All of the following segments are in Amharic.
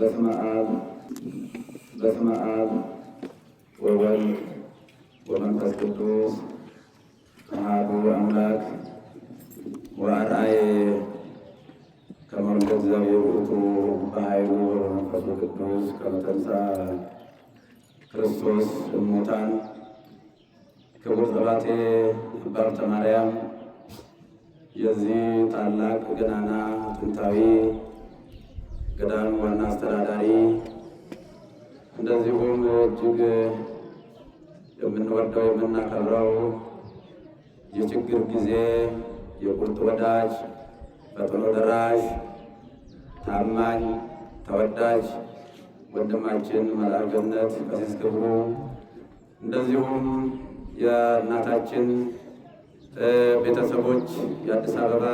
በስመ አብ በስመ አብ ወወልድ ወመንፈስ ቅዱስ አሐዱ አምላክ ወአርአየ ከመርገ እግዚአብሔር ውእቱ በኃይሉ በመንፈሱ ቅዱስ ከመ ተንሥአ ክርስቶስ እሙታን ክቡር ጠባቴ አባ ተማርያም የዚህ ታላቅ ገናና ጥንታዊ ገዳም ዋና አስተዳዳሪ እንደዚሁም እጅግ የምንወደው የምናከብረው የችግር ጊዜ የቁርጥ ወዳጅ በጥሎ ደራሽ ታማኝ ተወዳጅ ወንድማችን መላገነት ገነት ቀሲስ ክብሩ እንደዚሁም የእናታችን ቤተሰቦች የአዲስ አበባ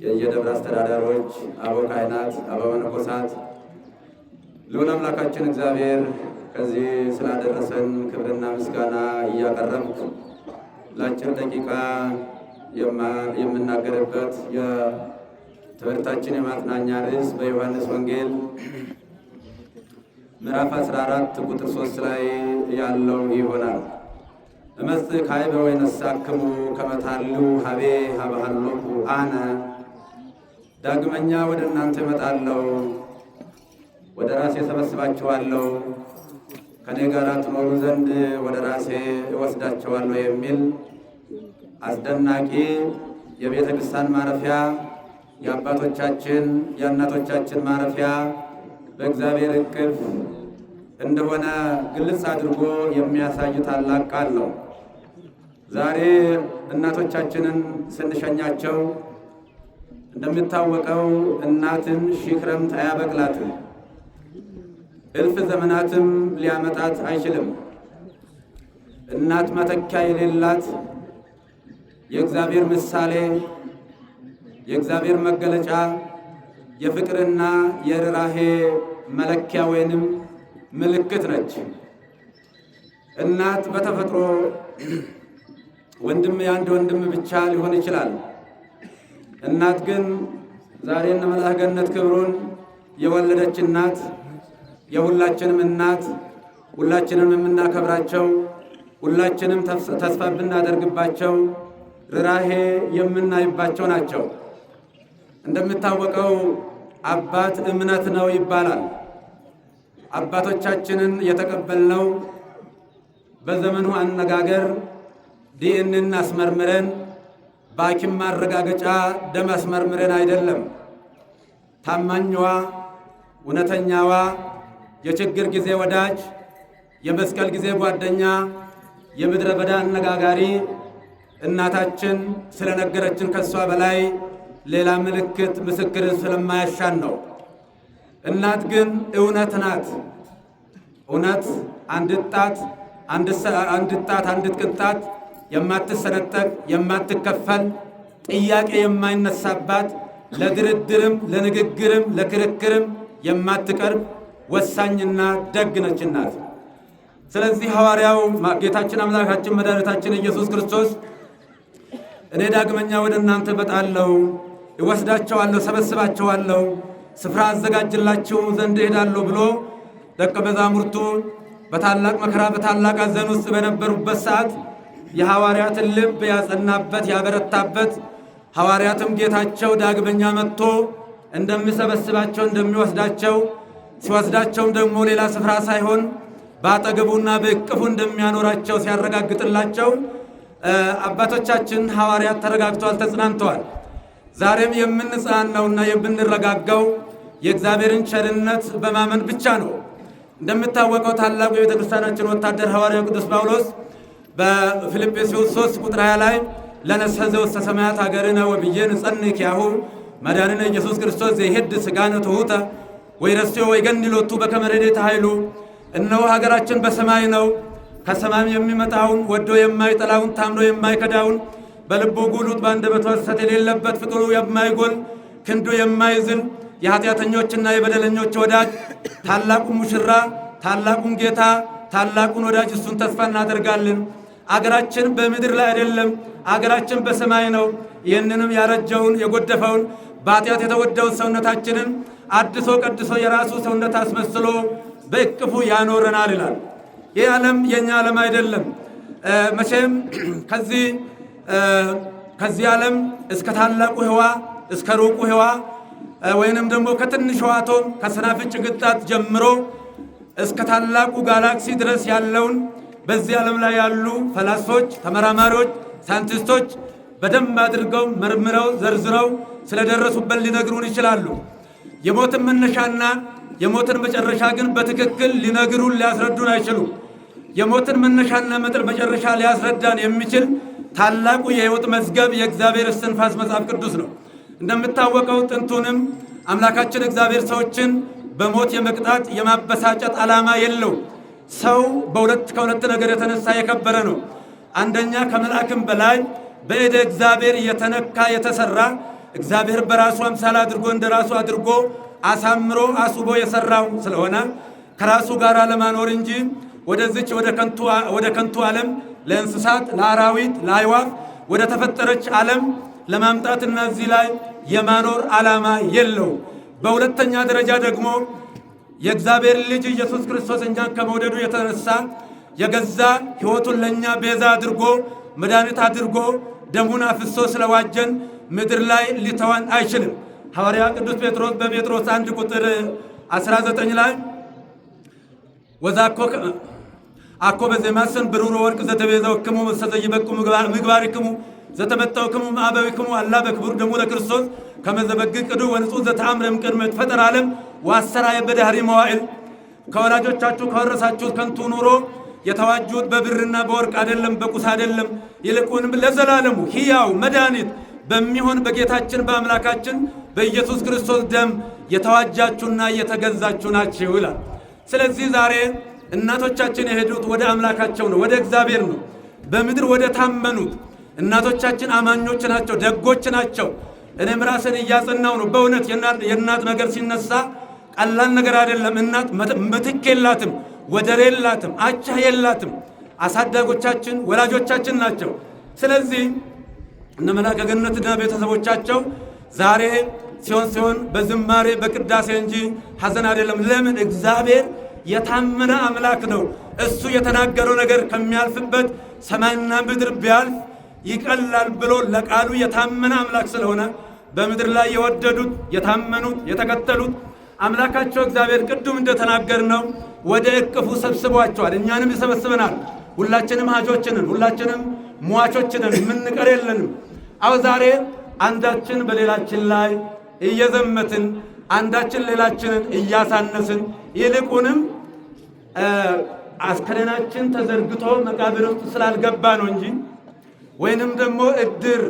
የየደብረ አስተዳዳሪዎች፣ አበው ካህናት፣ አበው መነኮሳት ልዑል አምላካችን እግዚአብሔር ከዚህ ስላደረሰን ክብርና ምስጋና እያቀረብኩ ለአጭር ደቂቃ የምናገርበት የትምህርታችን የማጥናኛ ርዕስ በዮሐንስ ወንጌል ምዕራፍ 14 ቁጥር 3 ላይ ያለው ይሆናል። እመጽእ ካዕበ ወይነሳክሙ ከመ ታሉ ኀቤ ኀበሃሎሙ አነ ዳግመኛ ወደ እናንተ እመጣለሁ፣ ወደ ራሴ ሰበስባችኋለሁ፣ ከእኔ ጋር ትኖሩ ዘንድ ወደ ራሴ እወስዳችኋለሁ የሚል አስደናቂ የቤተ ክርስቲያን ማረፊያ የአባቶቻችን የእናቶቻችን ማረፊያ በእግዚአብሔር እቅፍ እንደሆነ ግልጽ አድርጎ የሚያሳይ ታላቅ ቃል ነው። ዛሬ እናቶቻችንን ስንሸኛቸው እንደሚታወቀው እናትን ሺህ ክረምት አያበቅላትም፣ እልፍ ዘመናትም ሊያመጣት አይችልም። እናት መተኪያ የሌላት የእግዚአብሔር ምሳሌ፣ የእግዚአብሔር መገለጫ፣ የፍቅርና የርኅራኄ መለኪያ ወይንም ምልክት ነች። እናት በተፈጥሮ ወንድም የአንድ ወንድም ብቻ ሊሆን ይችላል። እናት ግን ዛሬ እነ መልአከ ገነት ክብሩን የወለደች እናት የሁላችንም እናት ሁላችንም የምናከብራቸው ሁላችንም ተስፋ ብናደርግባቸው ርራሄ የምናይባቸው ናቸው። እንደሚታወቀው አባት እምነት ነው ይባላል። አባቶቻችንን የተቀበልነው በዘመኑ አነጋገር ዲኤንኤን አስመርምረን በሐኪም ማረጋገጫ ደም አስመርምረን አይደለም። ታማኝዋ እውነተኛዋ የችግር ጊዜ ወዳጅ፣ የመስቀል ጊዜ ጓደኛ፣ የምድረ በዳ አነጋጋሪ እናታችን ስለነገረችን ከሷ በላይ ሌላ ምልክት ምስክርን ስለማያሻን ነው። እናት ግን እውነት ናት። እውነት አንድ ጣት አንድ ጣት አንድ ቅንጣት የማትሰነጠቅ የማትከፈል ጥያቄ የማይነሳባት ለድርድርም ለንግግርም ለክርክርም የማትቀርብ ወሳኝና ደግ ነች ናት። ስለዚህ ሐዋርያው ጌታችን አምላካችን መድኃኒታችን ኢየሱስ ክርስቶስ እኔ ዳግመኛ ወደ እናንተ እመጣለሁ፣ እወስዳቸዋለሁ፣ ሰበስባቸዋለሁ፣ ስፍራ አዘጋጅላችሁ ዘንድ እሄዳለሁ ብሎ ደቀ መዛሙርቱ በታላቅ መከራ በታላቅ አዘን ውስጥ በነበሩበት ሰዓት የሐዋርያትን ልብ ያጸናበት ያበረታበት ሐዋርያትም ጌታቸው ዳግመኛ መጥቶ እንደሚሰበስባቸው እንደሚወስዳቸው ሲወስዳቸውም ደግሞ ሌላ ስፍራ ሳይሆን በአጠገቡና በእቅፉ እንደሚያኖራቸው ሲያረጋግጥላቸው አባቶቻችን ሐዋርያት ተረጋግተዋል፣ ተጽናንተዋል። ዛሬም የምንጽናናውና የምንረጋጋው የእግዚአብሔርን ቸርነት በማመን ብቻ ነው። እንደሚታወቀው ታላቁ የቤተ ክርስቲያናችን ወታደር ሐዋርያው ቅዱስ ጳውሎስ በፊልጵስዩስ 3 ቁጥር 20 ላይ ለነሰ ዘውስተ ሰማያት ሀገርነ ወብዬን ጸንክ ያሁ መድኃኒነ ኢየሱስ ክርስቶስ ዘይሄድ ስጋነ ትሑተ ወይ ረስዮ ወይ ገን ሎቱ በከመ ረድኤተ ኃይሉ እነሆ ሀገራችን በሰማይ ነው፣ ከሰማይም የሚመጣውን ወዶ የማይጠላውን ታምኖ የማይከዳውን በልቡ ጉሉት በአንደበቱ ሐሰት የሌለበት ፍቅሩ የማይጎል ክንዱ የማይዝን የኃጢአተኞችና የበደለኞች ወዳጅ ታላቁ ሙሽራ ታላቁን ጌታ ታላቁን ወዳጅ እሱን ተስፋ እናደርጋለን። አገራችን በምድር ላይ አይደለም፣ አገራችን በሰማይ ነው። ይህንንም ያረጀውን የጎደፈውን በኃጢአት የተወደውን ሰውነታችንን አድሶ ቀድሶ የራሱ ሰውነት አስመስሎ በእቅፉ ያኖረናል ይላል። ይህ ዓለም የእኛ ዓለም አይደለም። መቼም ከዚህ ከዚህ ዓለም እስከ ታላቁ ህዋ እስከ ሩቁ ህዋ ወይንም ደግሞ ከትንሿ አቶም ከሰናፍጭ ግጣት ጀምሮ እስከ ታላቁ ጋላክሲ ድረስ ያለውን በዚህ ዓለም ላይ ያሉ ፈላስፎች፣ ተመራማሪዎች፣ ሳይንቲስቶች በደንብ አድርገው መርምረው ዘርዝረው ስለደረሱበት ሊነግሩን ይችላሉ። የሞትን መነሻና የሞትን መጨረሻ ግን በትክክል ሊነግሩን ሊያስረዱን አይችሉ። የሞትን መነሻና መጠር መጨረሻ ሊያስረዳን የሚችል ታላቁ የሕይወት መዝገብ የእግዚአብሔር እስትንፋስ መጽሐፍ ቅዱስ ነው። እንደምታወቀው ጥንቱንም አምላካችን እግዚአብሔር ሰዎችን በሞት የመቅጣት የማበሳጨት ዓላማ የለውም። ሰው በሁለት ከሁለት ነገር የተነሳ የከበረ ነው። አንደኛ ከመልአክም በላይ በእደ እግዚአብሔር የተነካ የተሰራ እግዚአብሔር በራሱ አምሳል አድርጎ እንደ ራሱ አድርጎ አሳምሮ አስውቦ የሰራው ስለሆነ ከራሱ ጋር ለማኖር እንጂ ወደዚች ወደ ከንቱ ዓለም ለእንስሳት፣ ለአራዊት፣ ለአይዋፍ ወደ ተፈጠረች ዓለም ለማምጣት እነዚህ ላይ የማኖር ዓላማ የለው። በሁለተኛ ደረጃ ደግሞ የእግዚአብሔር ልጅ ኢየሱስ ክርስቶስ እኛን ከመውደዱ የተነሳ የገዛ ሕይወቱን ለእኛ ቤዛ አድርጎ መድኃኒት አድርጎ ደሙን አፍሶ ስለዋጀን ምድር ላይ ሊተዋን አይችልም። ሐዋርያ ቅዱስ ጴጥሮስ በጴጥሮስ አንድ ቁጥር 19 ላይ ወዛ አኮ በዜማስን ብሩሮ ወርቅ ዘተቤዛው ክሙ በቁ ምግባር ክሙ ዘተመጣው ክሙ ማዕበዊ ክሙ አላ በክቡር ደሙ ለክርስቶስ ከመዘበግ ቅዱ ወንጹ ዘተአምረም ቅድመ ፈጠር ዓለም ዋሰራ በዳህሪ መዋዕል ከወላጆቻችሁ ከወረሳችሁት ከንቱ ኑሮ የተዋጁት በብርና በወርቅ አይደለም፣ በቁስ አይደለም። ይልቁንም ለዘላለሙ ሕያው መድኃኒት በሚሆን በጌታችን በአምላካችን በኢየሱስ ክርስቶስ ደም የተዋጃችሁና የተገዛችሁ ናችሁ ይላል። ስለዚህ ዛሬ እናቶቻችን የሄዱት ወደ አምላካቸው ነው፣ ወደ እግዚአብሔር ነው። በምድር ወደ ታመኑት እናቶቻችን አማኞች ናቸው፣ ደጎች ናቸው። እኔም ራስን እያጸናው ነው። በእውነት የእናት ነገር ሲነሳ ቀላል ነገር አይደለም። እናት ምትክ የላትም፣ ወደር የላትም፣ አቻ የላትም። አሳዳጎቻችን ወላጆቻችን ናቸው። ስለዚህ እነ መላከ ገነትና ቤተሰቦቻቸው ዛሬ ሲሆን ሲሆን በዝማሬ በቅዳሴ እንጂ ሐዘን አይደለም። ለምን? እግዚአብሔር የታመነ አምላክ ነው። እሱ የተናገረው ነገር ከሚያልፍበት ሰማይና ምድር ቢያልፍ ይቀላል ብሎ ለቃሉ የታመነ አምላክ ስለሆነ በምድር ላይ የወደዱት የታመኑት የተከተሉት አምላካቸው እግዚአብሔር ቅዱም እንደተናገር ነው ወደ እቅፉ ሰብስቧቸዋል። እኛንም ይሰበስበናል። ሁላችንም ሀጆችንን ሁላችንም ሟቾችንን የምንቀር የለንም። አው ዛሬ አንዳችን በሌላችን ላይ እየዘመትን አንዳችን ሌላችንን እያሳነስን ይልቁንም አስከሬናችን ተዘርግቶ መቃብር ውስጥ ስላልገባ ነው እንጂ ወይንም ደግሞ እድር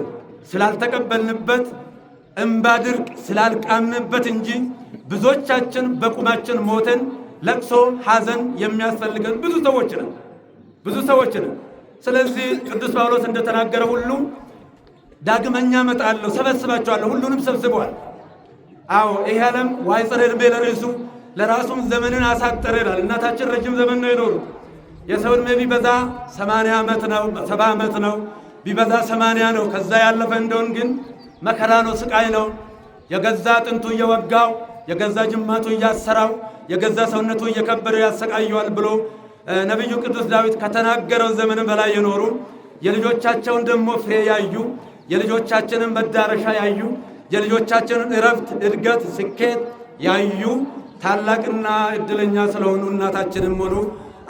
ስላልተቀበልንበት እምባ ድርቅ ስላልቃምንበት እንጂ ብዙዎቻችን በቁማችን ሞተን ለቅሶ፣ ሐዘን የሚያስፈልገን ብዙ ሰዎች ነን ብዙ ሰዎች ነን። ስለዚህ ቅዱስ ጳውሎስ እንደተናገረ ሁሉ ዳግመኛ መጣለሁ ሰበስባቸዋለሁ። ሁሉንም ሰብስበዋል። አዎ ይሄ ዓለም ዋይጽር ዕድሜ ለርእሱ ለራሱም ዘመንን አሳጠረ ይላል። እናታችን ረጅም ዘመን ነው የኖሩት። የሰው እድሜ ቢበዛ ሰማንያ ዓመት ነው ሰባ ዓመት ነው ቢበዛ ሰማንያ ነው። ከዛ ያለፈ እንደሆን ግን መከራ ነው፣ ስቃይ ነው። የገዛ አጥንቱ እየወጋው የገዛ ጅማቱ እያሰራው የገዛ ሰውነቱ እየከበረ ያሰቃየዋል ብሎ ነቢዩ ቅዱስ ዳዊት ከተናገረው ዘመን በላይ የኖሩ የልጆቻቸውን ደግሞ ፍሬ ያዩ የልጆቻችንን መዳረሻ ያዩ የልጆቻችንን እረፍት፣ እድገት፣ ስኬት ያዩ ታላቅና እድለኛ ስለሆኑ እናታችንም ሆኑ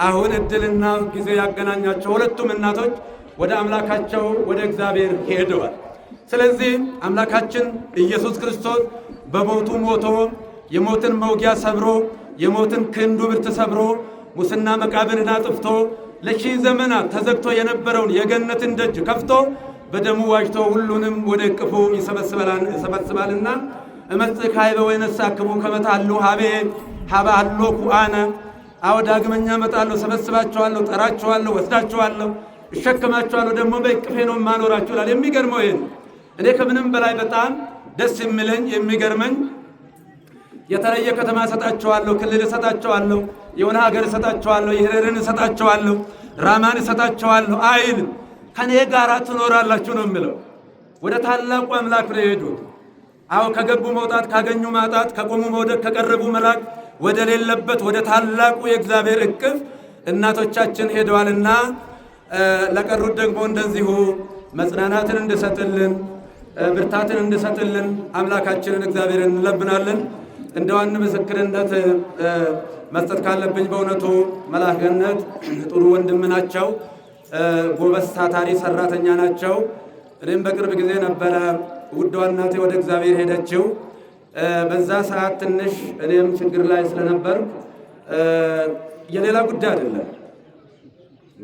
አሁን እድልና ጊዜ ያገናኛቸው ሁለቱም እናቶች ወደ አምላካቸው ወደ እግዚአብሔር ሄደዋል። ስለዚህ አምላካችን ኢየሱስ ክርስቶስ በሞቱ ሞቶ የሞትን መውጊያ ሰብሮ የሞትን ክንዱ ብርት ሰብሮ ሙስና መቃብርን አጥፍቶ ለሺ ዘመናት ተዘግቶ የነበረውን የገነትን ደጅ ከፍቶ በደሙ ዋጅቶ ሁሉንም ወደ እቅፉ ይሰበስባልና እመጽእ ኀበ ወይነሳክሙ ከመ ተሃሉ ኀቤ ኀበ ሀሎ ኩአነ። አዎ ዳግመኛ እመጣለሁ፣ ሰበስባችኋለሁ፣ ጠራችኋለሁ፣ ወስዳችኋለሁ፣ እሸከማችኋለሁ ደግሞ በእቅፌ ነው ማኖራችሁ ይላል። የሚገርመው ይሄ ነው። እኔ ከምንም በላይ በጣም ደስ የሚለኝ የሚገርመኝ የተለየ ከተማ እሰጣቸዋለሁ፣ ክልል እሰጣቸዋለሁ፣ የሆነ ሀገር እሰጣቸዋለሁ፣ የህረርን እሰጣቸዋለሁ፣ ራማን እሰጣቸዋለሁ አይል ከኔ ጋር ትኖራላችሁ ነው የምለው። ወደ ታላቁ አምላክ ነው የሄዱት። አዎ ከገቡ መውጣት፣ ካገኙ ማጣት፣ ከቆሙ መውደቅ፣ ከቀረቡ መላክ ወደ ሌለበት ወደ ታላቁ የእግዚአብሔር እቅፍ እናቶቻችን ሄደዋልና ለቀሩት ደግሞ እንደዚሁ መጽናናትን እንድሰጥልን ብርታትን እንድሰጥልን አምላካችንን እግዚአብሔርን እንለብናለን። ዋን ምስክርነት መስጠት ካለብኝ በእውነቱ መላክነት ጥሩ ወንድም ናቸው። ጎበዝ ታታሪ ሰራተኛ ናቸው። እኔም በቅርብ ጊዜ ነበረ ውድዋ እናቴ ወደ እግዚአብሔር ሄደችው። በዛ ሰዓት ትንሽ እኔም ችግር ላይ ስለነበር የሌላ ጉዳይ አይደለም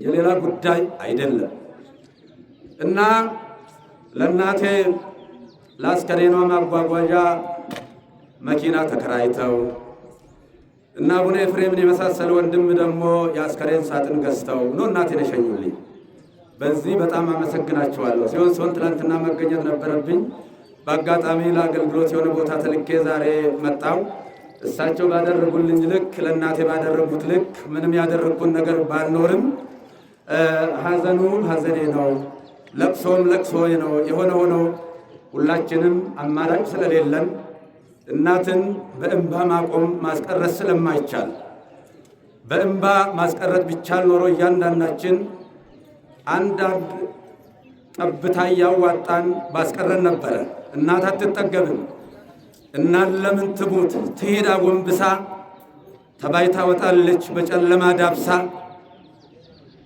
የሌላ ጉዳይ አይደለም እና ለእናቴ ለአስከሬኗ ማጓጓዣ መኪና ተከራይተው እና አቡነ ኤፍሬምን የመሳሰለ ወንድም ደግሞ የአስከሬን ሳጥን ገዝተው ኖ እናቴን የሸኙልኝ። በዚህ በጣም አመሰግናቸዋለሁ። ሲሆን ሲሆን ትላንትና መገኘት ነበረብኝ። በአጋጣሚ ለአገልግሎት የሆነ ቦታ ተልኬ ዛሬ መጣው። እሳቸው ባደረጉልኝ ልክ ለእናቴ ባደረጉት ልክ ምንም ያደረግኩን ነገር ባልኖርም ሀዘኑ ሀዘኔ ነው ለቅሶም ለቅሶ ነው የሆነ ሆኖ ሁላችንም አማራጭ ስለሌለን እናትን በእንባ ማቆም ማስቀረት ስለማይቻል በእንባ ማስቀረት ቢቻል ኖሮ እያንዳንዳችን አንዳንድ ጠብታ እያዋጣን ባስቀረን ነበረ። እናት አትጠገብም፣ እናት ለምን ትሙት ትሄድ አጎንብሳ ተባይታ ወጣለች በጨለማ ዳብሳ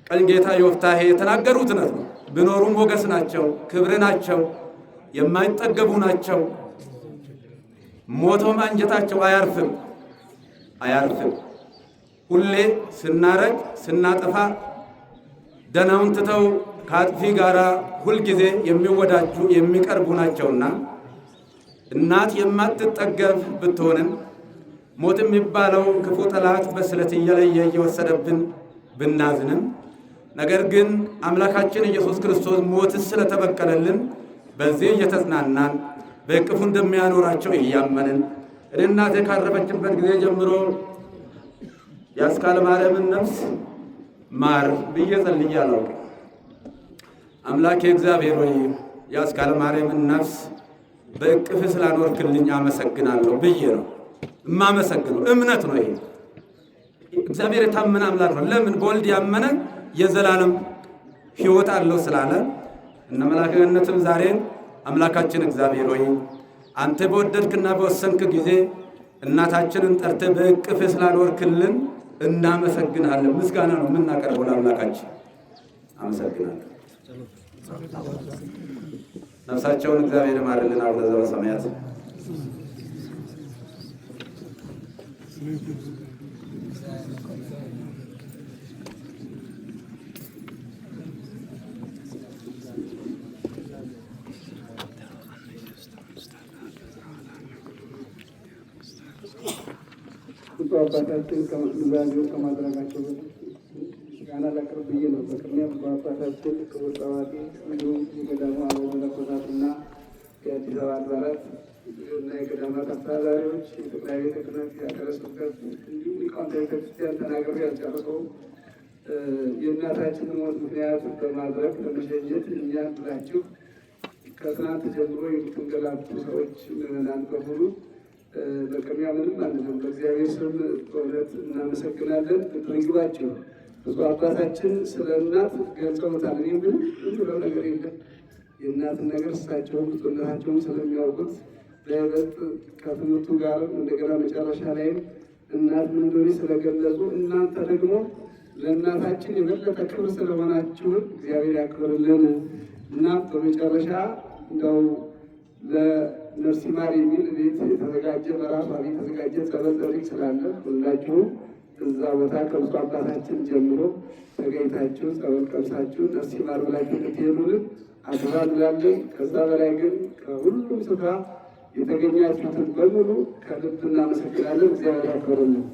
ቀኝ ጌታ ዮፍታሔ የተናገሩት ነው። ቢኖሩም ሞገስ ናቸው፣ ክብር ናቸው፣ የማይጠገቡ ናቸው። ሞቶም አንጀታቸው አያርፍም አያርፍም። ሁሌ ስናረግ ስናጠፋ ደናውን ትተው ከአጥፊ ጋር ሁልጊዜ የሚወዳጁ የሚቀርቡ ናቸውና እናት የማትጠገብ ብትሆንም ሞት የሚባለው ክፉ ጠላት በስለት እየለየ እየወሰደብን ብናዝንም ነገር ግን አምላካችን ኢየሱስ ክርስቶስ ሞትን ስለተበቀለልን በዚህ እየተጽናናን በእቅፉ እንደሚያኖራቸው እያመንን እናቴ ካረፈችበት ጊዜ ጀምሮ የአስካለ ማርያምን ነፍስ ማር ብዬ ጸልያለሁ። አምላኬ እግዚአብሔር ሆይ የአስካለ ማርያምን ነፍስ በእቅፍ ስላኖርክልኝ አመሰግናለሁ ብዬ ነው እማመሰግነው። እምነት ነው ይሄ። እግዚአብሔር የታመነ አምላክ ነው። ለምን በወልድ ያመነ የዘላለም ሕይወት አለው ስላለ እነ መላከ ገነትም ዛሬ አምላካችን እግዚአብሔር ሆይ አንተ በወደድክና በወሰንክ ጊዜ እናታችንን ጠርተ በእቅፍ ስላኖርክልን እናመሰግናለን። ምስጋና ነው የምናቀርበው ለአምላካችን። አመሰግናለሁ። ነፍሳቸውን እግዚአብሔር ማርልን። አቡነ ዘበሰማያት ብፁዕ አባታችን ከመስግዛዜው ከማድረጋቸው በፊት ምስጋና ላቅርብ ብዬ ነው። በቅድሚያ ብፁዕ አባታችን ክቡር ጸባቂ እንዲሁም የገዳሙ አበው መነኮሳትና የአዲስ አበባ አድባራት እና የገዳማት አስተዳዳሪዎች፣ የጠቅላይ ቤተ ክህነት የሀገረ ስብከት እንዲሁም ሊቃውንተ ቤተክርስቲያን ተናግሬ ያልጨረሰው የእናታችን ሞት ምክንያት በማድረግ በመሸኘት እኛን ብላችሁ ከትናንት ጀምሮ የምትንገላቱ ሰዎች ምዕመናን በሙሉ በቅድሚያ ምንም አንልም፣ በእግዚአብሔር ስም በእውነት እናመሰግናለን። ምግባቸው ብዙ አባታችን ስለ እናት ገልጸውታል። እኔ ምንም ብለው ነገር የለም። የእናትን ነገር እሳቸውም ብፁዕነታቸውም ስለሚያውቁት በይበልጥ ከትምህርቱ ጋር እንደገና መጨረሻ ላይም እናት ምን እንደሆነ ስለገለጹ እናንተ ደግሞ ለእናታችን የበለጠ ክብር ስለሆናችሁን እግዚአብሔር ያክብርልን። እናት በመጨረሻ እንደው ነፍስ ይማር የሚል ቤት የተዘጋጀ በራሷ ቤት የተዘጋጀ ጸበል ዘሪቅ ስላለ ሁላችሁም እዛ ቦታ ከብፁዕ አባታችን ጀምሮ ተገኝታችሁ ጸበል ቀምሳችሁ ነፍስ ይማር ብላችሁ ልትሄዱልን አደራ እንላለን። ከዛ በላይ ግን ከሁሉም ስፍራ የተገኛችሁትን በሙሉ ከልብ እናመሰግናለን። እግዚአብሔር ያክብርልን።